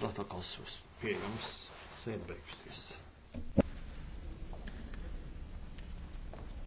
protokols būs pieejams sēdbeigšties.